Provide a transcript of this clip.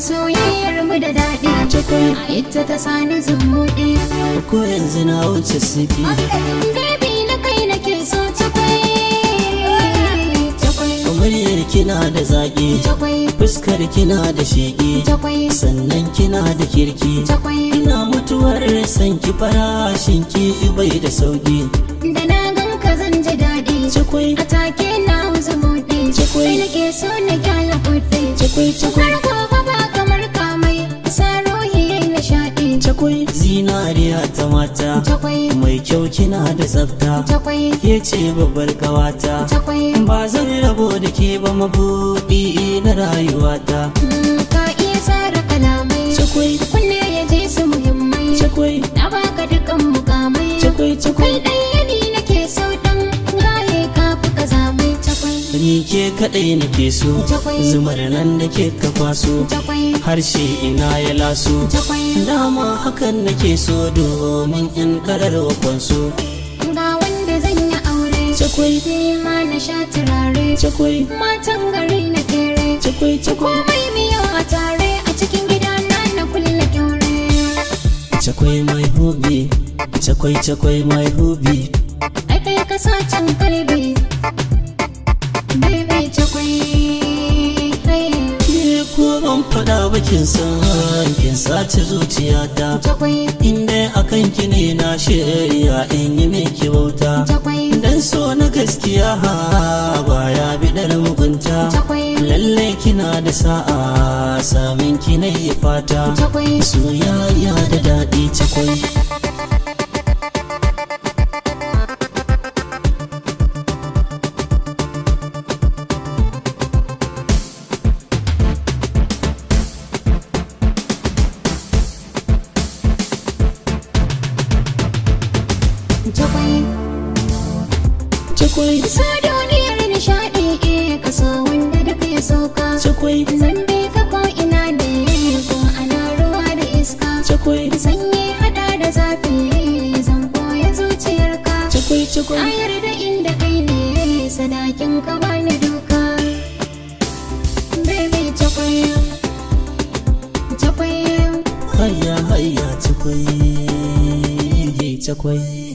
soyayyar mu da daɗi cikin ita ta sani zumuɗi ko yanzu na wuce sifi baby na kai nake so cikin muryar kina da zaƙi fuskar kina da sheƙi sannan kina da kirki ina mutuwar sanki farashin ki bai da sauƙi da na ganka zan ji daɗi so na gyara kudin cikul cikul ko ba kamar kamai sa ruhi yayi nishaɗi cikul zinariya ta mata mai kyau kina da tsafta ke ce babbar kawata ba zan rabo da ke ba mabuɗi na rayuwata kaɗai nake so zumar nan nake ka kwaso harshe ina ya laso dama hakan nake so domin in karar kwanso ga wanda zan yi aure cakwai sai ma na sha turare cakwai matan gari na kere cakwai cakwai mai miyau a tare a cikin gida na na kulle kyaure cakwai mai hobi cakwai cakwai mai hobi ai kai ka sa can kalbi ba kin san kin sace zuciyata inda akan ki ne na shirya in yi miki bauta dan so na gaskiya ha baya bidar mugunta lalle kina da sa'a samin ki ne fata soyayya Jakwai Jakwai Kasa duniyar nishaɗi e eh, kaso wanda duk ya sauka Jakwai Zambe ta ko ina da yi ko ana ruwa da iska Jakwai Sanyi hada da zafi eh, zan koya zuciyarka Jakwai Jakwai A yarda inda kai ne eh, sadakin ka bani duka Baby Jakwai Jakwai Hayya hayya Jakwai Jakwai